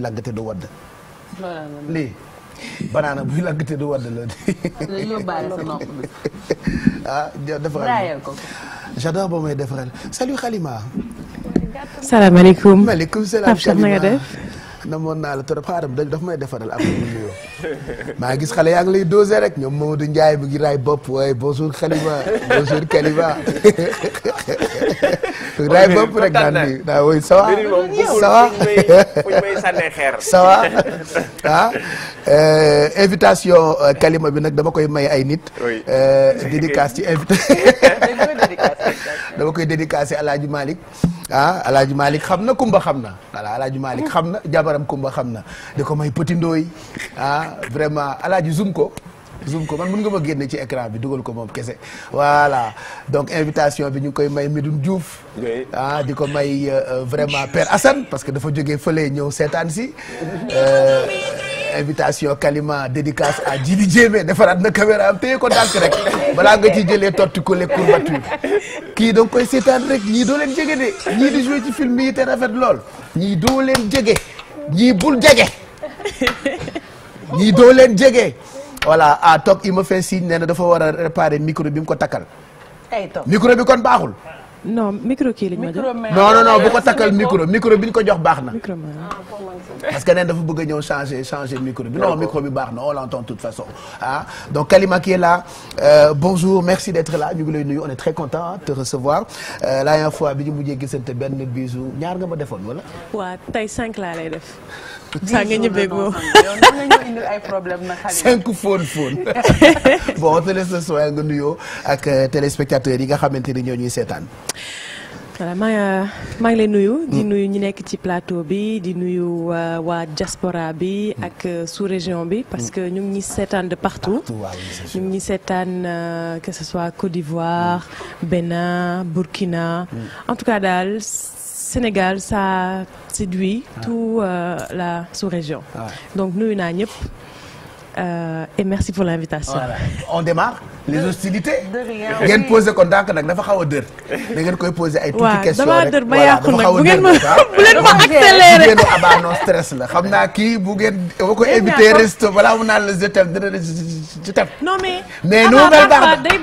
làggate du wadd lii banaana buy làggate du wadd la ah defaral ko j'adore boo may defaral salut Halima salaamaaleykum maaleykum salaam Halima na nga def namoon naa la trop xaaral dañ daf may defaral après mu nuyoo maa xale yaa ngi lay doser ñoom Mamadou Ndiaye mu ngi raay bopp waaye bonjour Halima bonjour Kalima day bëpp rek kalima bi nag dama koy may ay nit dédicace ci invité dama koy dédicacé Alaaji Malick ah Alaaji Malick xam na Kumba xam na voilà Alaaji xam na jabaram Kumba xam na di ko may Petit Ndoy ah vraiment Alaaji Zoum ko zoom ko man mën nga moo génne ci écran bi dugal ko moom kese voilà donc invitation bi ñu koy may Medoune Diouf ah di ko may euh, vraiment Père Assane parce que dafa jógee fële ñëw seetaan si euh, invitation Kalima dédicace à Djili Diémé defaraat na caméra am téye ko dànk rek balaa nga ci jëlee torti ko les courbatures kii da nga koy seetaan rek ñii doo leen jege de ñii di joué ci film yi te rafet lool ñii doo leen jege ñii bul jege ñii doo leen jege voilà ah toog il me fait signe nee na dafa war a réparer micro bi mu ko takkal. micro bi kon baaxul. no micro kii lañ ma jox non non non bu ko takkal micro micro bi ñu ko jox baax na. Ah, parce que nee dafa bëgg a ñëw changer changer micro bi non micro bi baax na on l'entend de toute façon ah donc Kalima qui est là euh, bonjour merci d'être là ñu ngi lay nuyu on est très content de te recevoir euh, la dernière fois bi ñu mujjee gisante benn bisu ñaar nga ma defoon wala. waaw tey cinq laa lay def. saa nga ñëbbeegoo ay problème na xale cinq fóon fóon nga nuyoo ak euh, téléspectateurs yi nga xamante ni ñoo ñuy seetaan. voilà maa euh, maa ngi lay nuyu. di mm. nuyu ñu nekk ci plateau bi di nuyu euh, waa diaspora bi. Mm. ak sous région bi. parce mm. que ñu ngi ñuy seetaan de partout. ñu ngi ñuy seetaan que ce soit Côte d'Ivoire. Bénin Burkina. en tout cas daal. Sénégal sa séduit ah. tout euh, la sous-région ah donc nu naa ñëpp Euh, et merci pour l'invitation. Voilà. on démarre les hostilités. ngeen posé ko ndànk nag dafa xaw a dër. da koy posé ay tuuti question rek dër ba nag bu ma ah. bu leen ma accéléré. abano stress la xam naa kii bu ngeen. boo ko invité resto balaa mu naan la je t'aime dina je t'aime. non mais. mais ma a dër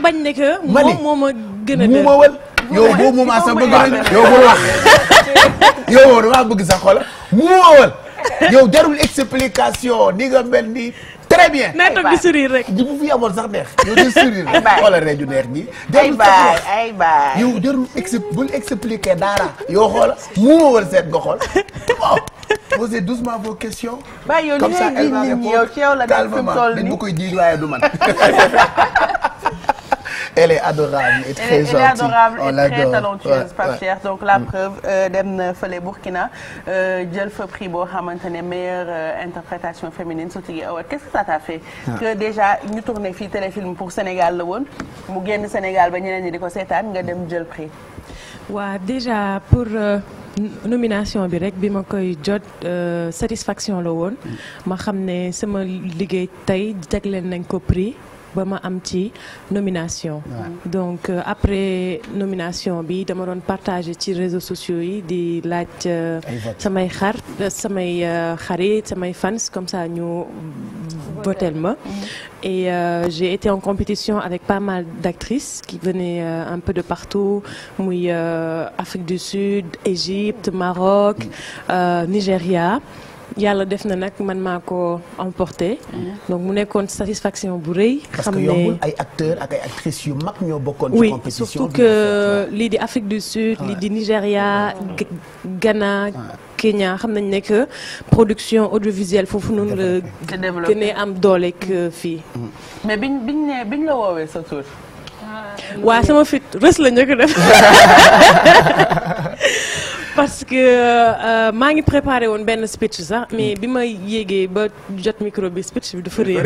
yow boo moment sax bëgg yow yow moom damaa bëgg sax xoolal mu woowal yow jarul explication ni nga mel ni très bien. naa toog di sourire rek. ji bu fi amoon sax neex. yow di sourire rek xoolal rek ju neex gi. yow jarul expli bul expliquer dara. yow xoolal mu woowal seet nga xool bon. posez doucement vos comme ça elle va répondre calmement dañ ma koy jiiñ waaye du man. elle est adorable et adorable et très talentueuse donc la mm. preuve euh, dem na fële Burkina euh, jël fa prix boo xamante ne meilleure euh, interprétation féminine Sotigui Awad qu'est-ce que ça t'a fait ah. que déjà ñu tourné fii téléfilm pour Sénégal la woon mu génn Sénégal ba ñeneen ñi di ko seetaan nga dem jël prix waa déjà pour nomination bi rek bi ma koy jot satisfaction la woon mm. ma xam ne sama liggéey tey teg leen nañ ko prix ba ma am ci nomination donc euh, après nomination bi dama doon partager ci réseaux sociaux yi di laaj euh, samay xar samay euh, xarit samay fans comme ça ñu votel ma et euh, j'ai été en compétition avec pas mal d'actrices qui venaient un peu de partout muy euh, Afrique du Sud Égypte Maroc mm. Nigeria yàlla def na nag man maa ko emporté. donc mu nekkoon satisfaction bu rëy. xam ne parce que ay acteurs ak ay yu mag ñoo bokkoon. ci compétition surtout que lii di Afrique du Sud. lii di Nigéria Ghana. Kenya xam nañ ne que production audiovisuelle foofu noonu la. gën a am doole mm. fii. Mm. mais biñ biñ biñ la woowee sa tur. sama fit rës la njëkk def. parce que euh, maa ngi préparé woon benn speech sax mais bi ma yéegee ba jot microbi bi speech bi dafa réer.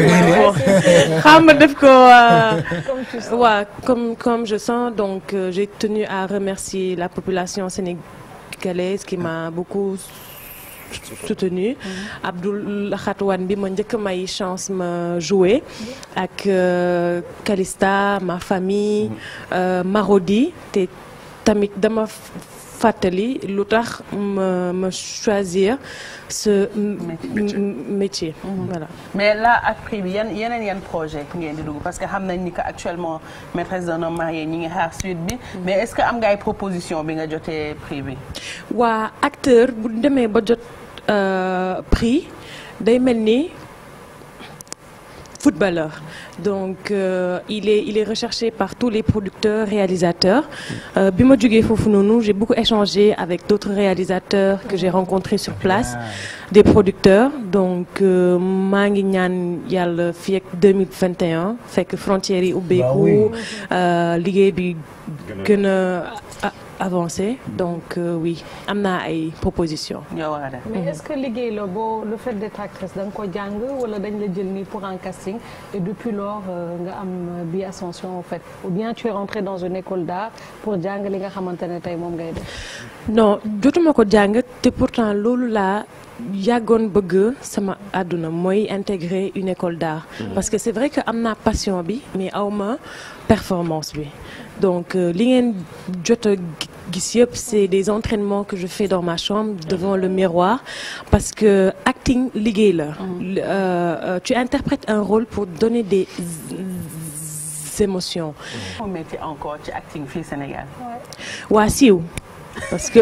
xam nga def ko. Euh, donc euh, j'ai tenu à la population sénégalaise qui m'a beaucoup. soutenu mm-hmm. Abdoul bi ma njëkk may chance ma jouer ak Kalista ma famille mm-hmm. Marodi tamit dama fàttali lu tax ma ma choisir ce métier mhm. mais là ak prix bi yan yeneen yan projet ngeen di parce que xam nañ ni que actuellement maîtresse d'un homme marié ñi ngi xaar suite bi mhm. mais est-ce am nga ay proposition bi nga jotee prix bi waa acteur bu demee ba jot euh, prix day mel ni footballeur. Donc euh, il est il est recherché par tous les producteurs, réalisateurs. Euh, bi ma jógee foofu noonu j'ai beaucoup échangé avec d'autres réalisateurs que j'ai rencontrés sur place, ah. des producteurs. Donc euh, maa ngi ñaan yàlla fii ak 2021 fekk frontières yi ubbeeku euh, liggéey avancé donc euh, oui am na ay propositions. mais mhm. est-ce que liggéey la boo le fait d'être actrice da nga ko jàng wala dañ la jël nii pour un casting et depuis lors euh, nga am euh, bi ascension en fait ou bien tu es rentré dans une école d'art pour jàng li nga xamante ne tey moom ngay def. no jotuma ko jàng te pourtant loolu laa yàggoon bëgg sama àdduna mooy intégrer une école d'art mhm. parce que c'est vrai que am na passion bi mais awma performance bi donc euh, li ngeen jot gis yëpp c'est des entraînements que je fais dans ma chambre devant le miroir parce que acting liggéey la mm. euh, euh, tu interprètes un rôle pour donner des émotions. On mettait encore ci acting fii Sénégal. waa siiw parce que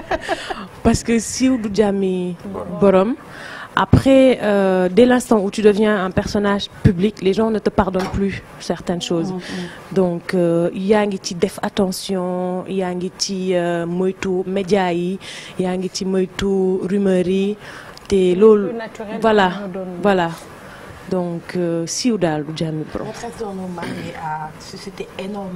parce que siiw du jàmmi borom après euh, dès l'instant où tu deviens un personnage public les gens ne te pardonnent plus certaines choses mmh. donc euh, yaa ngi ci def attention yaa ngi ci euh, moytu média yi yaa ngi ci moytu rumeur yi te loolu voilà voilà donc euh, siiw daal du jàmmi borom.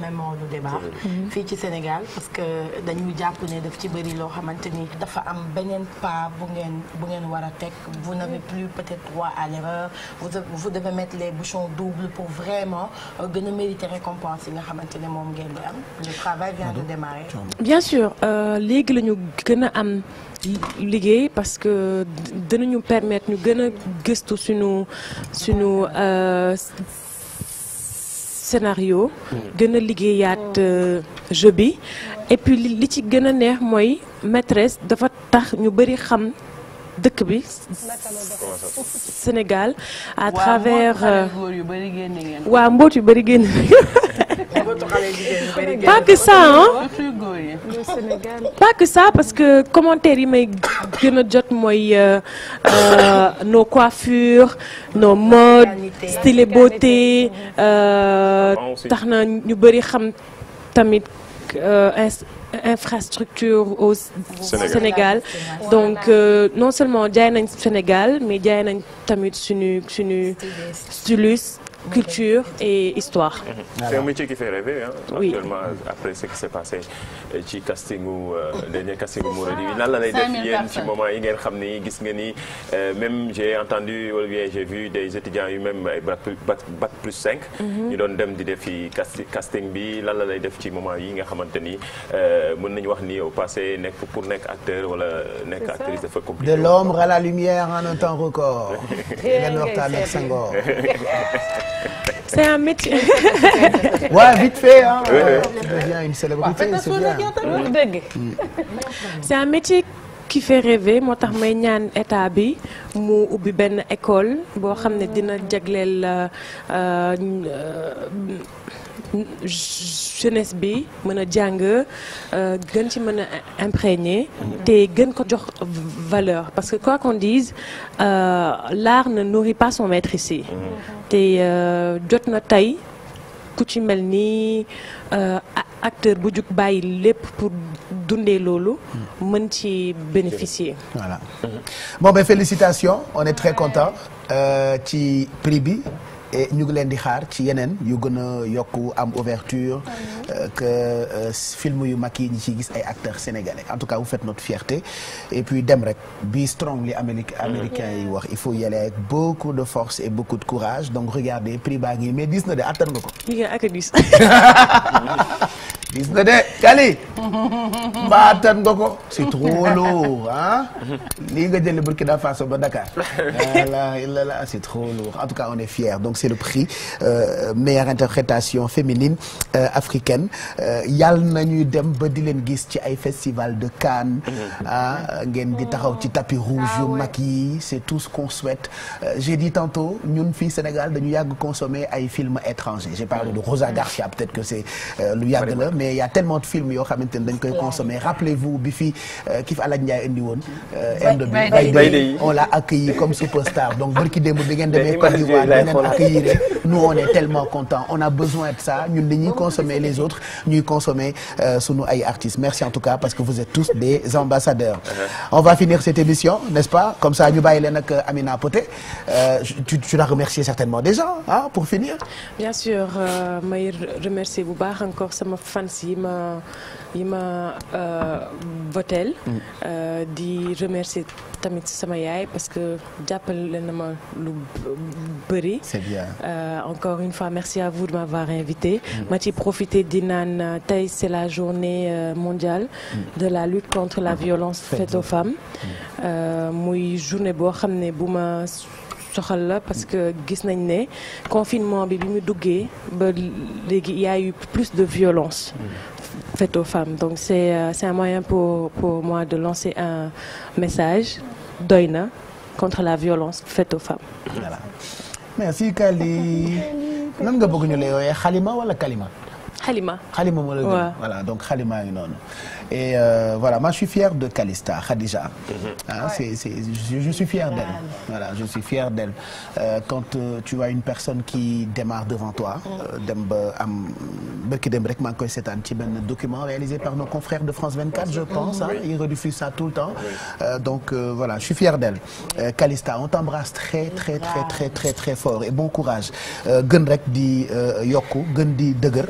la de débat. Mhm. fii ci Sénégal parce que dañuy jàpp ne def ci bëri loo xamante ni dafa am beneen pas bu ngeen bu ngeen war a teg vous n'avez mhm. plus peut-être droit à l'erreur vous vous devez mettre les bouchons doubles pour vraiment euh, gën a mériter récompense yi nga xamante ne moom ngeen di am le travail vient de démarrer. bien sûr euh, léegi lañu gën a am. liggéey parce que dinañu permettre ñu gën a gëstu suñu suñu euh, scénario gën a liggéeyaat euh, jeu bi et puis li ci gën a neex mooy maîtresse dafa tax ñu bëri xam dëkk bi Sénégal à travers euh, waaw mboot yu bëri génn pas que parce que commentaire yi may gën a jot mooy euh, euh, nos coiffures nos modes style beauté euh, tax na ñu bëri xam tamit infrastructure au Sénégal donc non seulement jaay nañ Sénégal mais jaay tamit suñu culture et histoire. Mhm. C'est un métier qui fait rêver hein, oui. actuellement après ce qui s'est passé euh, ci castingu euh, dernier castingu Mouradi ah, bi nan la lay def yéen ci moment yi ngeen xam ni gis nga ni euh, même j'ai entendu wala bien j'ai vu des étudiants yu même ay bac plus 5 mhm. ñu doon dem di def fi casting bi lan la lay def ci moment yi nga xamante ni mën nañu wax ni au passé nekk pour nekk acteur wala nekk actrice dafa compliqué. de l'ombre à la lumière en un temps ngeen waxtaan ak Senghor c'est un métier. ouais, vite fait hein. moo tax may ñaan état bi mu ubbi benn école boo xam ne dina jagleel. Euh, euh, jeunesse bi mën a jàng euh, gën ci mën a imprégné te gën ko jox valeur parce que quoi qu'on dise euh, l'art ne nourrit pas son maître ici te euh, jot na tey ku ci mel ni euh, acteur bu jug bàyyi lépp pour dundee loolu mën ci bénéficier voilà bon ben on est très content ci prix bi et ñu ngi leen di xaar ci yeneen yu gën a yokk am ouverture mhm. euh, que euh, film yu mag yi ñi ciy gis ay acteurs sénégalais en tout cas vous faites notre fierté et puis dem rek bi strong li amérique mhm. américain yi wax i faut y aller avec beaucoup de force et beaucoup de courage donc regardez prix baa ngi mais diis na de attan nga ko mbaa attan nga ko c'est trop lourd ah lii nga jëlee Burkina Faso ba Dakar la la la c'est trop lourd en tout cas on est fiers donc c'est le prix euh, interprétation féminine euh, africaine euh, yàlla nañuy dem ba di leen gis ci ay festival de Cannes gen ah, ngeen di taxaw ci tapis rouge yu mag yi c'est tout ce qu'on souhaite euh, j'ai dit tantôt ñun fii Sénégal dañu yàgg consommer ay films étrangers j'ai parlé de Rosa Garcia peut-être que c'est lu yàgg la mais il y tellement de xamante ne dañ koy consommer rappelez-vous bi fi euh, ki fi Alaaji Ndiaye indi woon euh, indo bi Baydey on l'a accueilli comme superstar donc barki démb bi ngeen demee Côte d'Ivoire da ngeen accueillir nous on est tellement content on a besoin de ça ñun dañuy consommer les autres ñuy consommer euh, sunu ay artistes merci en tout cas parce que vous êtes tous des ambassadeurs uh-huh. on va finir cette émission n'est-ce pas comme ça ñu bàyyi leen ak Amina Poté tu tu la remercier certainement déjà ah pour finir bien sûr may remercier bu baax encore sama fans yi ma yi ma euh, voteel mm. euh, di remercier tamit sama yaay parce que jàppale na ma lu bëri. c'est bien euh, encore une fois merci à vous de m'avoir invité. Mm. ma ci profité di naan tey c'est la journée mondiale. Mm. de la lutte contre la violence faite aux femmes. muy journée boo xam ne bu ma. soxal la parce que gis nañ ne confinement bi bi mu duggee ba léegi y a eu plus de violence faite aux femmes. Donc c'est euh, un moyen pour, pour moi de lancer un message d'Oina contre la violence faite aux femmes. Merci Kali. nan nga bëgg ñu lay wooyee xalima wala kalima. xalima xalima donc xalima ngi et euh, voilà moi je suis fier de Calista Khadija. ah c'est c'est je, je suis fier d'elle. voilà je suis fier d'elle euh, quand euh, tu vois une personne qui démarre devant toi. Mhm. Euh, dem ba am barki dem rek maa ngi koy seetaan ci benn document réalisé par nos confrères de France 24 je pense ah ils rediffusent ça tout le temps euh, donc euh, voilà je suis fier d'elle. Calista on t'embrasse très très très très très très fort et bon courage gën rek di yokku gën di dëgër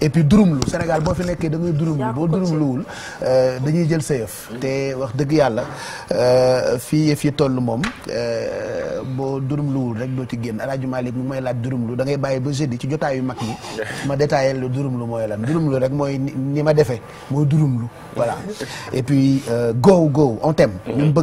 et puis durumlu Sénégal boo fi nekkee da ngay durumlu boo durumluwul. Euh, dañuy jël sa yëf. te wax dëgg yàlla euh, fii yëf yi toll moom euh, boo durum luwul rek doo ci génn El Hadj Malick mi may laaj durum lu dangay bàyyi ba jeudi ci jotaayu mag yi ma détaillé lu durum lu mooy lan durum lu rek mooy ni ma defee mooy durum lu voilà et puis go go on t'aime. Mm-hmm.